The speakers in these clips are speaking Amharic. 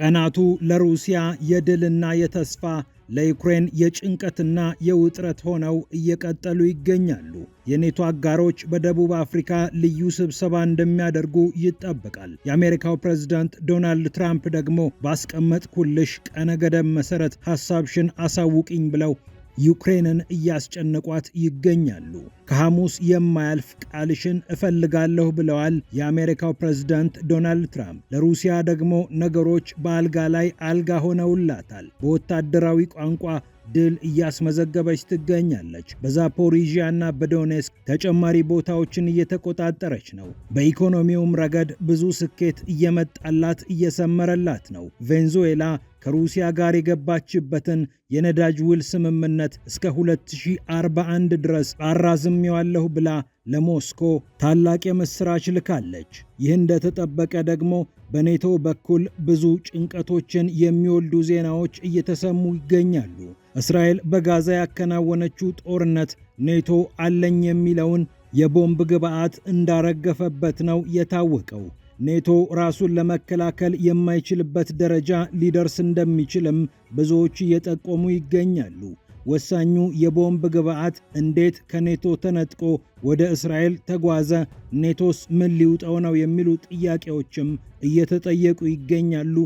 ቀናቱ ለሩሲያ የድልና የተስፋ ለዩክሬን የጭንቀትና የውጥረት ሆነው እየቀጠሉ ይገኛሉ። የኔቶ አጋሮች በደቡብ አፍሪካ ልዩ ስብሰባ እንደሚያደርጉ ይጠበቃል። የአሜሪካው ፕሬዝዳንት ዶናልድ ትራምፕ ደግሞ ባስቀመጥኩልሽ ቀነ ገደብ መሰረት ሐሳብሽን አሳውቅኝ ብለው ዩክሬንን እያስጨነቋት ይገኛሉ። ከሐሙስ የማያልፍ ቃልሽን እፈልጋለሁ ብለዋል የአሜሪካው ፕሬዝዳንት ዶናልድ ትራምፕ። ለሩሲያ ደግሞ ነገሮች በአልጋ ላይ አልጋ ሆነውላታል። በወታደራዊ ቋንቋ ድል እያስመዘገበች ትገኛለች። እና በዶኔስክ ተጨማሪ ቦታዎችን እየተቆጣጠረች ነው። በኢኮኖሚውም ረገድ ብዙ ስኬት እየመጣላት እየሰመረላት ነው። ቬንዙዌላ ከሩሲያ ጋር የገባችበትን የነዳጅ ውል ስምምነት እስከ 2041 ድረስ አራዝሜዋለሁ ብላ ለሞስኮ ታላቅ የምስራች ልካለች። ይህ እንደተጠበቀ ደግሞ በኔቶ በኩል ብዙ ጭንቀቶችን የሚወልዱ ዜናዎች እየተሰሙ ይገኛሉ። እስራኤል በጋዛ ያከናወነችው ጦርነት ኔቶ አለኝ የሚለውን የቦምብ ግብዓት እንዳረገፈበት ነው የታወቀው። ኔቶ ራሱን ለመከላከል የማይችልበት ደረጃ ሊደርስ እንደሚችልም ብዙዎች እየጠቆሙ ይገኛሉ። ወሳኙ የቦምብ ግብዓት እንዴት ከኔቶ ተነጥቆ ወደ እስራኤል ተጓዘ? ኔቶስ ምን ሊውጠው ነው? የሚሉ ጥያቄዎችም እየተጠየቁ ይገኛሉ።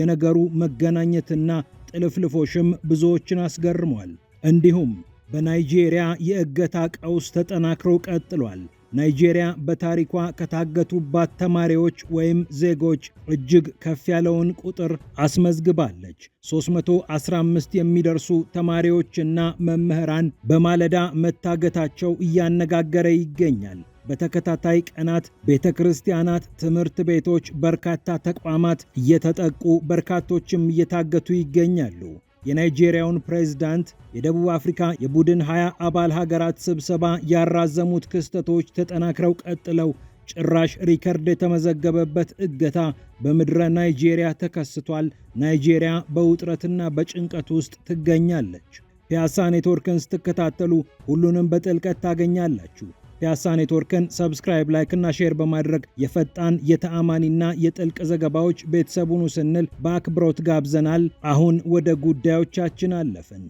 የነገሩ መገናኘትና ጥልፍልፎሽም ብዙዎችን አስገርሟል። እንዲሁም በናይጄሪያ የእገታ ቀውስ ተጠናክሮ ቀጥሏል። ናይጄሪያ በታሪኳ ከታገቱባት ተማሪዎች ወይም ዜጎች እጅግ ከፍ ያለውን ቁጥር አስመዝግባለች። 315 የሚደርሱ ተማሪዎችና መምህራን በማለዳ መታገታቸው እያነጋገረ ይገኛል። በተከታታይ ቀናት ቤተ ክርስቲያናት፣ ትምህርት ቤቶች፣ በርካታ ተቋማት እየተጠቁ በርካቶችም እየታገቱ ይገኛሉ። የናይጄሪያውን ፕሬዝዳንት የደቡብ አፍሪካ የቡድን 20 አባል ሀገራት ስብሰባ ያራዘሙት ክስተቶች ተጠናክረው ቀጥለው ጭራሽ ሪከርድ የተመዘገበበት እገታ በምድረ ናይጄሪያ ተከስቷል። ናይጄሪያ በውጥረትና በጭንቀት ውስጥ ትገኛለች። ፒያሳ ኔትወርክን ስትከታተሉ ሁሉንም በጥልቀት ታገኛላችሁ። ፒያሳ ኔትወርክን ሰብስክራይብ፣ ላይክ እና ሼር በማድረግ የፈጣን የተአማኒና የጥልቅ ዘገባዎች ቤተሰቡን ስንል በአክብሮት ጋብዘናል። አሁን ወደ ጉዳዮቻችን አለፍን።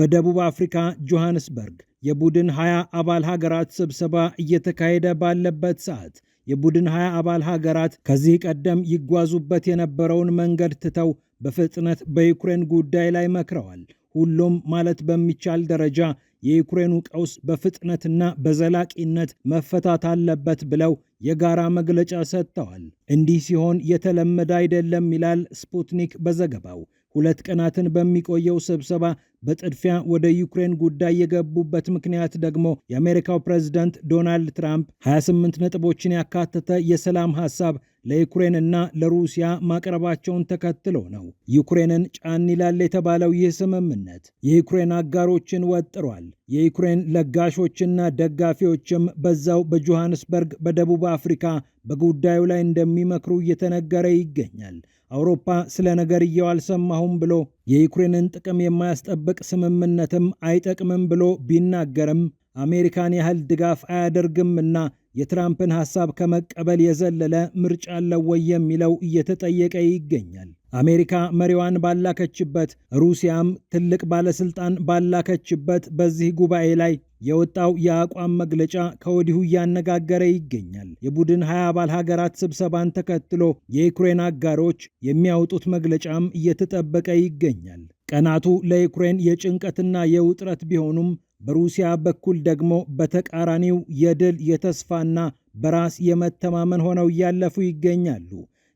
በደቡብ አፍሪካ ጆሃንስበርግ የቡድን 20 አባል ሀገራት ስብሰባ እየተካሄደ ባለበት ሰዓት የቡድን 20 አባል ሀገራት ከዚህ ቀደም ይጓዙበት የነበረውን መንገድ ትተው በፍጥነት በዩክሬን ጉዳይ ላይ መክረዋል። ሁሉም ማለት በሚቻል ደረጃ የዩክሬኑ ቀውስ በፍጥነትና በዘላቂነት መፈታት አለበት ብለው የጋራ መግለጫ ሰጥተዋል። እንዲህ ሲሆን የተለመደ አይደለም ይላል ስፑትኒክ በዘገባው። ሁለት ቀናትን በሚቆየው ስብሰባ በጥድፊያ ወደ ዩክሬን ጉዳይ የገቡበት ምክንያት ደግሞ የአሜሪካው ፕሬዝዳንት ዶናልድ ትራምፕ 28 ነጥቦችን ያካተተ የሰላም ሐሳብ ለዩክሬን እና ለሩሲያ ማቅረባቸውን ተከትሎ ነው። ዩክሬንን ጫን ይላል የተባለው ይህ ስምምነት የዩክሬን አጋሮችን ወጥሯል። የዩክሬን ለጋሾችና ደጋፊዎችም በዛው በጆሃንስበርግ በደቡብ አፍሪካ በጉዳዩ ላይ እንደሚመክሩ እየተነገረ ይገኛል። አውሮፓ ስለ ነገርየው አልሰማሁም ብሎ የዩክሬንን ጥቅም የማያስጠብቅ ስምምነትም አይጠቅምም ብሎ ቢናገርም አሜሪካን ያህል ድጋፍ አያደርግም እና የትራምፕን ሐሳብ ከመቀበል የዘለለ ምርጫ አለው ወይ የሚለው እየተጠየቀ ይገኛል። አሜሪካ መሪዋን ባላከችበት፣ ሩሲያም ትልቅ ባለስልጣን ባላከችበት በዚህ ጉባኤ ላይ የወጣው የአቋም መግለጫ ከወዲሁ እያነጋገረ ይገኛል። የቡድን 20 አባል ሀገራት ስብሰባን ተከትሎ የዩክሬን አጋሮች የሚያወጡት መግለጫም እየተጠበቀ ይገኛል። ቀናቱ ለዩክሬን የጭንቀትና የውጥረት ቢሆኑም በሩሲያ በኩል ደግሞ በተቃራኒው የድል የተስፋና በራስ የመተማመን ሆነው እያለፉ ይገኛሉ።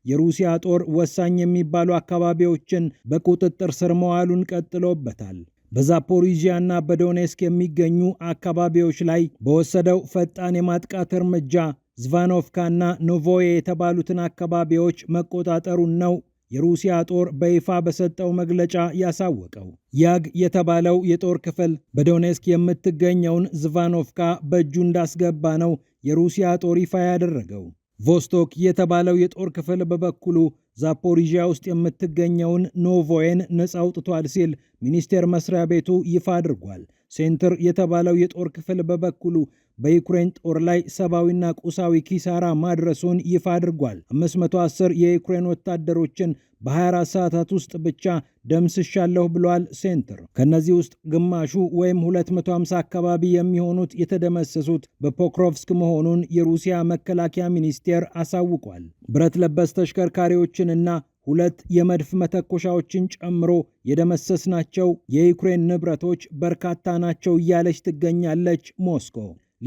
የሩሲያ ጦር ወሳኝ የሚባሉ አካባቢዎችን በቁጥጥር ስር መዋሉን ቀጥሎበታል። በዛፖሪዥያ በዶኔስክ የሚገኙ አካባቢዎች ላይ በወሰደው ፈጣን የማጥቃት እርምጃ ዝቫኖፍካ ና ኖቮዬ የተባሉትን አካባቢዎች መቆጣጠሩን ነው የሩሲያ ጦር በይፋ በሰጠው መግለጫ ያሳወቀው። ያግ የተባለው የጦር ክፍል በዶኔስክ የምትገኘውን ዝቫኖቭካ በእጁ እንዳስገባ ነው የሩሲያ ጦር ይፋ ያደረገው። ቮስቶክ የተባለው የጦር ክፍል በበኩሉ ዛፖሪዣ ውስጥ የምትገኘውን ኖቮዬን ነፃ አውጥቷል ሲል ሚኒስቴር መስሪያ ቤቱ ይፋ አድርጓል። ሴንትር የተባለው የጦር ክፍል በበኩሉ በዩክሬን ጦር ላይ ሰብአዊና ቁሳዊ ኪሳራ ማድረሱን ይፋ አድርጓል። 510 የዩክሬን ወታደሮችን በ24 ሰዓታት ውስጥ ብቻ ደምስሻለሁ ብሏል ሴንትር። ከእነዚህ ውስጥ ግማሹ ወይም 250 አካባቢ የሚሆኑት የተደመሰሱት በፖክሮቭስክ መሆኑን የሩሲያ መከላከያ ሚኒስቴር አሳውቋል። ብረት ለበስ ተሽከርካሪዎችንና ሁለት የመድፍ መተኮሻዎችን ጨምሮ የደመሰስናቸው የዩክሬን ንብረቶች በርካታ ናቸው እያለች ትገኛለች ሞስኮ።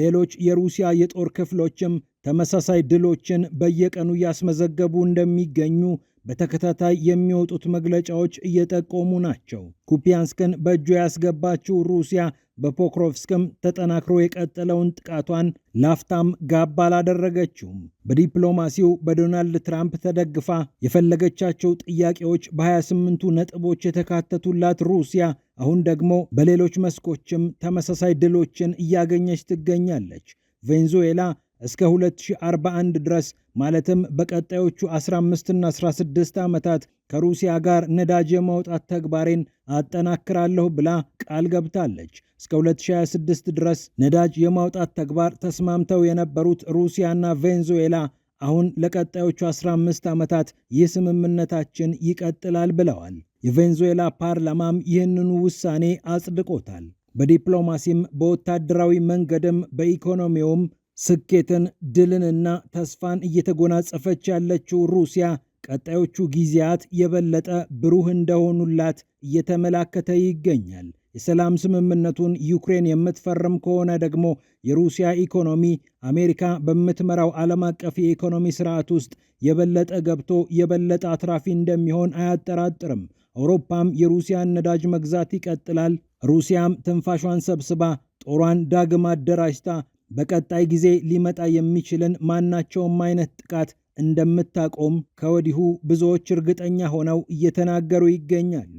ሌሎች የሩሲያ የጦር ክፍሎችም ተመሳሳይ ድሎችን በየቀኑ እያስመዘገቡ እንደሚገኙ በተከታታይ የሚወጡት መግለጫዎች እየጠቆሙ ናቸው። ኩፒያንስክን በእጇ ያስገባችው ሩሲያ በፖክሮቭስክም ተጠናክሮ የቀጠለውን ጥቃቷን ላፍታም ጋብ አላደረገችውም። በዲፕሎማሲው በዶናልድ ትራምፕ ተደግፋ የፈለገቻቸው ጥያቄዎች በ28ቱ ነጥቦች የተካተቱላት ሩሲያ አሁን ደግሞ በሌሎች መስኮችም ተመሳሳይ ድሎችን እያገኘች ትገኛለች። ቬንዙዌላ እስከ 2041 ድረስ ማለትም በቀጣዮቹ 15ና 16 ዓመታት ከሩሲያ ጋር ነዳጅ የማውጣት ተግባሬን አጠናክራለሁ ብላ ቃል ገብታለች። እስከ 2026 ድረስ ነዳጅ የማውጣት ተግባር ተስማምተው የነበሩት ሩሲያና ቬንዙዌላ አሁን ለቀጣዮቹ 15 ዓመታት ይህ ስምምነታችን ይቀጥላል ብለዋል። የቬንዙዌላ ፓርላማም ይህንኑ ውሳኔ አጽድቆታል። በዲፕሎማሲም በወታደራዊ መንገድም በኢኮኖሚውም ስኬትን ድልንና ተስፋን እየተጎናጸፈች ያለችው ሩሲያ ቀጣዮቹ ጊዜያት የበለጠ ብሩህ እንደሆኑላት እየተመላከተ ይገኛል። የሰላም ስምምነቱን ዩክሬን የምትፈርም ከሆነ ደግሞ የሩሲያ ኢኮኖሚ አሜሪካ በምትመራው ዓለም አቀፍ የኢኮኖሚ ስርዓት ውስጥ የበለጠ ገብቶ የበለጠ አትራፊ እንደሚሆን አያጠራጥርም። አውሮፓም የሩሲያን ነዳጅ መግዛት ይቀጥላል። ሩሲያም ትንፋሿን ሰብስባ ጦሯን ዳግም አደራጅታ በቀጣይ ጊዜ ሊመጣ የሚችልን ማናቸውም አይነት ጥቃት እንደምታቆም ከወዲሁ ብዙዎች እርግጠኛ ሆነው እየተናገሩ ይገኛሉ።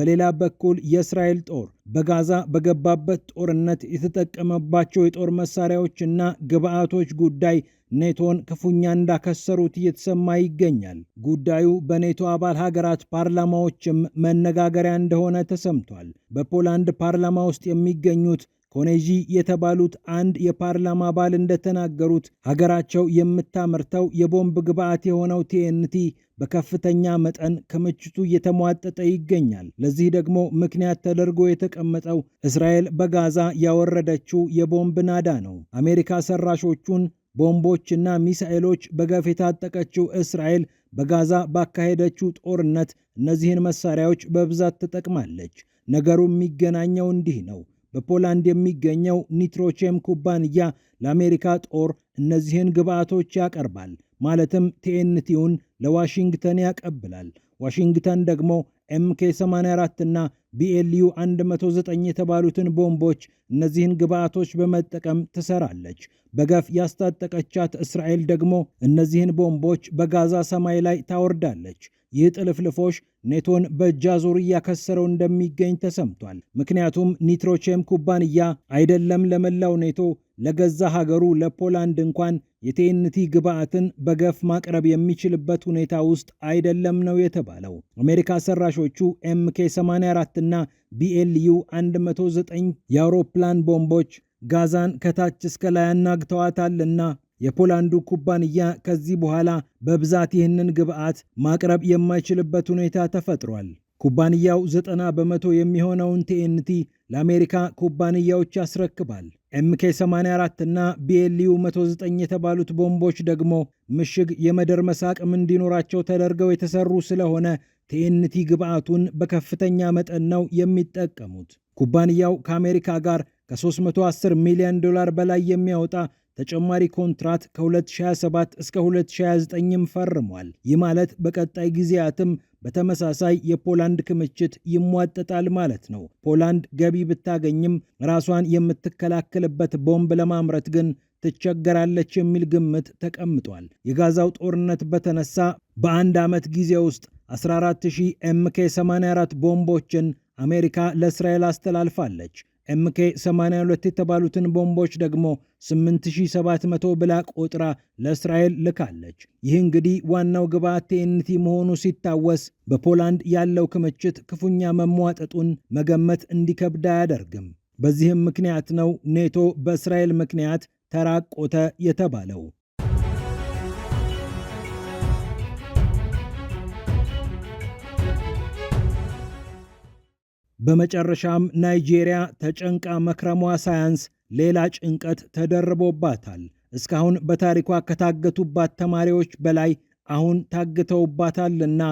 በሌላ በኩል የእስራኤል ጦር በጋዛ በገባበት ጦርነት የተጠቀመባቸው የጦር መሳሪያዎች እና ግብዓቶች ጉዳይ ኔቶን ክፉኛ እንዳከሰሩት እየተሰማ ይገኛል። ጉዳዩ በኔቶ አባል ሀገራት ፓርላማዎችም መነጋገሪያ እንደሆነ ተሰምቷል። በፖላንድ ፓርላማ ውስጥ የሚገኙት ኮኔዢ የተባሉት አንድ የፓርላማ አባል እንደተናገሩት ሀገራቸው የምታመርተው የቦምብ ግብዓት የሆነው ቲኤንቲ በከፍተኛ መጠን ክምችቱ እየተሟጠጠ ይገኛል። ለዚህ ደግሞ ምክንያት ተደርጎ የተቀመጠው እስራኤል በጋዛ ያወረደችው የቦምብ ናዳ ነው። አሜሪካ ሰራሾቹን ቦምቦችና ሚሳኤሎች በገፍ የታጠቀችው እስራኤል በጋዛ ባካሄደችው ጦርነት እነዚህን መሳሪያዎች በብዛት ትጠቅማለች። ነገሩ የሚገናኘው እንዲህ ነው። በፖላንድ የሚገኘው ኒትሮቼም ኩባንያ ለአሜሪካ ጦር እነዚህን ግብዓቶች ያቀርባል። ማለትም ቲኤንቲውን ለዋሽንግተን ያቀብላል። ዋሽንግተን ደግሞ ኤምኬ 84 እና ቢኤልዩ 109 የተባሉትን ቦምቦች እነዚህን ግብዓቶች በመጠቀም ትሰራለች። በገፍ ያስታጠቀቻት እስራኤል ደግሞ እነዚህን ቦምቦች በጋዛ ሰማይ ላይ ታወርዳለች። ይህ ጥልፍልፎሽ ኔቶን በእጅ አዙር እያከሰረው እንደሚገኝ ተሰምቷል። ምክንያቱም ኒትሮቼም ኩባንያ አይደለም ለመላው ኔቶ ለገዛ ሀገሩ ለፖላንድ እንኳን የቲኤንቲ ግብአትን በገፍ ማቅረብ የሚችልበት ሁኔታ ውስጥ አይደለም ነው የተባለው። አሜሪካ ሰራሾቹ ኤምኬ 84 እና ቢኤልዩ 109 የአውሮፕላን ቦምቦች ጋዛን ከታች እስከ ላይ አናግተዋታልና የፖላንዱ ኩባንያ ከዚህ በኋላ በብዛት ይህንን ግብአት ማቅረብ የማይችልበት ሁኔታ ተፈጥሯል። ኩባንያው 90 በመቶ የሚሆነውን ቲኤንቲ ለአሜሪካ ኩባንያዎች ያስረክባል። ኤምኬ 84 እና ቢኤልዩ 109 የተባሉት ቦምቦች ደግሞ ምሽግ የመደርመስ አቅም እንዲኖራቸው ተደርገው የተሰሩ ስለሆነ ቲኤንቲ ግብዓቱን በከፍተኛ መጠን ነው የሚጠቀሙት። ኩባንያው ከአሜሪካ ጋር ከ310 ሚሊዮን ዶላር በላይ የሚያወጣ ተጨማሪ ኮንትራት ከ2027 እስከ 2029ም ፈርሟል። ይህ ማለት በቀጣይ ጊዜያትም በተመሳሳይ የፖላንድ ክምችት ይሟጠጣል ማለት ነው። ፖላንድ ገቢ ብታገኝም ራሷን የምትከላከልበት ቦምብ ለማምረት ግን ትቸገራለች የሚል ግምት ተቀምጧል። የጋዛው ጦርነት በተነሳ በአንድ ዓመት ጊዜ ውስጥ 14000 ኤምኬ 84 ቦምቦችን አሜሪካ ለእስራኤል አስተላልፋለች። ኤምኬ 82 የተባሉትን ቦምቦች ደግሞ 8700 ብላ ቆጥራ ለእስራኤል ልካለች። ይህ እንግዲህ ዋናው ግብዓት ቴንቲ መሆኑ ሲታወስ በፖላንድ ያለው ክምችት ክፉኛ መሟጠጡን መገመት እንዲከብድ አያደርግም። በዚህም ምክንያት ነው ኔቶ በእስራኤል ምክንያት ተራቆተ የተባለው። በመጨረሻም ናይጄሪያ ተጨንቃ መክረሟ ሳያንስ ሌላ ጭንቀት ተደርቦባታል። እስካሁን በታሪኳ ከታገቱባት ተማሪዎች በላይ አሁን ታግተውባታልና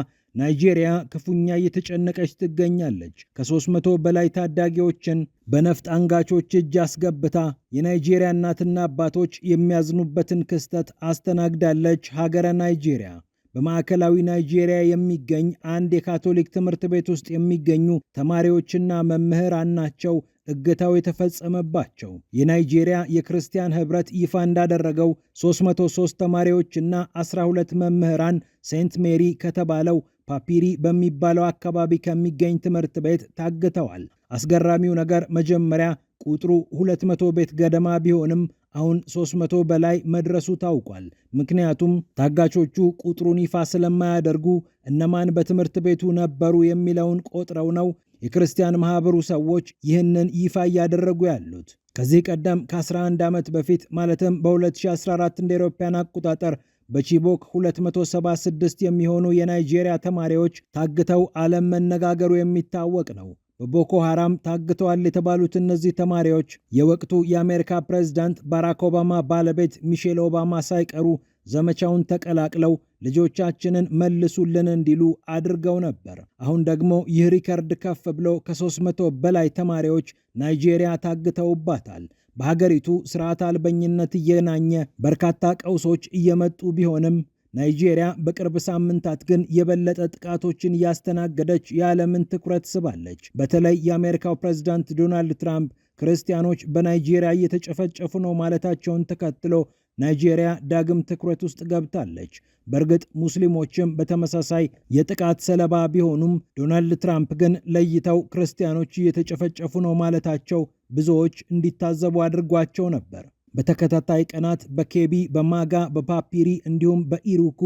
ናይጄሪያ ክፉኛ እየተጨነቀች ትገኛለች። ከ300 በላይ ታዳጊዎችን በነፍጥ አንጋቾች እጅ አስገብታ የናይጄሪያ እናትና አባቶች የሚያዝኑበትን ክስተት አስተናግዳለች ሀገረ ናይጄሪያ። በማዕከላዊ ናይጄሪያ የሚገኝ አንድ የካቶሊክ ትምህርት ቤት ውስጥ የሚገኙ ተማሪዎችና መምህራን ናቸው እገታው የተፈጸመባቸው። የናይጄሪያ የክርስቲያን ህብረት ይፋ እንዳደረገው 303 ተማሪዎችና 12 መምህራን ሴንት ሜሪ ከተባለው ፓፒሪ በሚባለው አካባቢ ከሚገኝ ትምህርት ቤት ታግተዋል። አስገራሚው ነገር መጀመሪያ ቁጥሩ 200 ቤት ገደማ ቢሆንም አሁን 300 በላይ መድረሱ ታውቋል። ምክንያቱም ታጋቾቹ ቁጥሩን ይፋ ስለማያደርጉ እነማን በትምህርት ቤቱ ነበሩ የሚለውን ቆጥረው ነው የክርስቲያን ማህበሩ ሰዎች ይህንን ይፋ እያደረጉ ያሉት። ከዚህ ቀደም ከ11 ዓመት በፊት ማለትም በ2014 እንደ አውሮፓውያን አቆጣጠር በቺቦክ 276 የሚሆኑ የናይጄሪያ ተማሪዎች ታግተው ዓለም መነጋገሩ የሚታወቅ ነው። በቦኮ ሐራም ታግተዋል የተባሉት እነዚህ ተማሪዎች የወቅቱ የአሜሪካ ፕሬዝዳንት ባራክ ኦባማ ባለቤት ሚሼል ኦባማ ሳይቀሩ ዘመቻውን ተቀላቅለው ልጆቻችንን መልሱልን እንዲሉ አድርገው ነበር። አሁን ደግሞ ይህ ሪከርድ ከፍ ብሎ ከ300 በላይ ተማሪዎች ናይጄሪያ ታግተውባታል። በሀገሪቱ ስርዓት አልበኝነት እየናኘ በርካታ ቀውሶች እየመጡ ቢሆንም ናይጄሪያ በቅርብ ሳምንታት ግን የበለጠ ጥቃቶችን እያስተናገደች የዓለምን ትኩረት ስባለች። በተለይ የአሜሪካው ፕሬዝዳንት ዶናልድ ትራምፕ ክርስቲያኖች በናይጄሪያ እየተጨፈጨፉ ነው ማለታቸውን ተከትሎ ናይጄሪያ ዳግም ትኩረት ውስጥ ገብታለች። በእርግጥ ሙስሊሞችም በተመሳሳይ የጥቃት ሰለባ ቢሆኑም ዶናልድ ትራምፕ ግን ለይተው ክርስቲያኖች እየተጨፈጨፉ ነው ማለታቸው ብዙዎች እንዲታዘቡ አድርጓቸው ነበር። በተከታታይ ቀናት በኬቢ በማጋ በፓፒሪ እንዲሁም በኢሩኩ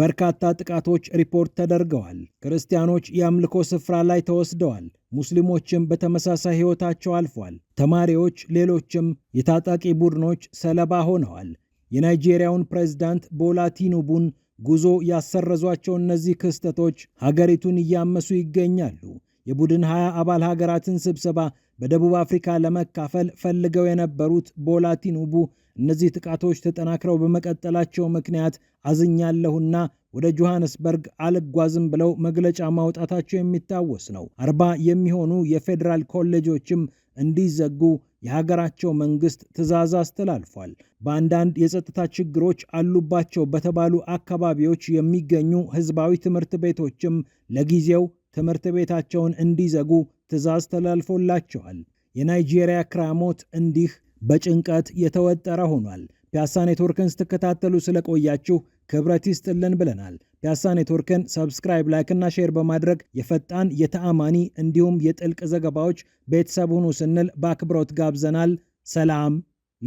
በርካታ ጥቃቶች ሪፖርት ተደርገዋል። ክርስቲያኖች የአምልኮ ስፍራ ላይ ተወስደዋል። ሙስሊሞችም በተመሳሳይ ሕይወታቸው አልፏል። ተማሪዎች፣ ሌሎችም የታጣቂ ቡድኖች ሰለባ ሆነዋል። የናይጄሪያውን ፕሬዝዳንት ቦላ ቲኑቡን ጉዞ ያሰረዟቸው እነዚህ ክስተቶች ሀገሪቱን እያመሱ ይገኛሉ። የቡድን ሀያ አባል ሀገራትን ስብሰባ በደቡብ አፍሪካ ለመካፈል ፈልገው የነበሩት ቦላ ቲኑቡ እነዚህ ጥቃቶች ተጠናክረው በመቀጠላቸው ምክንያት አዝኛለሁና ወደ ጆሃንስበርግ አልጓዝም ብለው መግለጫ ማውጣታቸው የሚታወስ ነው። አርባ የሚሆኑ የፌዴራል ኮሌጆችም እንዲዘጉ የሀገራቸው መንግስት ትዕዛዝ አስተላልፏል። በአንዳንድ የጸጥታ ችግሮች አሉባቸው በተባሉ አካባቢዎች የሚገኙ ህዝባዊ ትምህርት ቤቶችም ለጊዜው ትምህርት ቤታቸውን እንዲዘጉ ትእዛዝ ተላልፎላቸዋል። የናይጄሪያ ክራሞት እንዲህ በጭንቀት የተወጠረ ሆኗል። ፒያሳ ኔትወርክን ስትከታተሉ ስለቆያችሁ ክብረት ይስጥልን ብለናል። ፒያሳ ኔትወርክን ሰብስክራይብ፣ ላይክና ሼር በማድረግ የፈጣን የተአማኒ እንዲሁም የጥልቅ ዘገባዎች ቤተሰብ ሁኑ ስንል በአክብሮት ጋብዘናል። ሰላም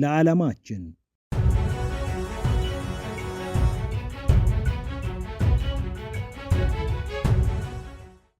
ለዓለማችን።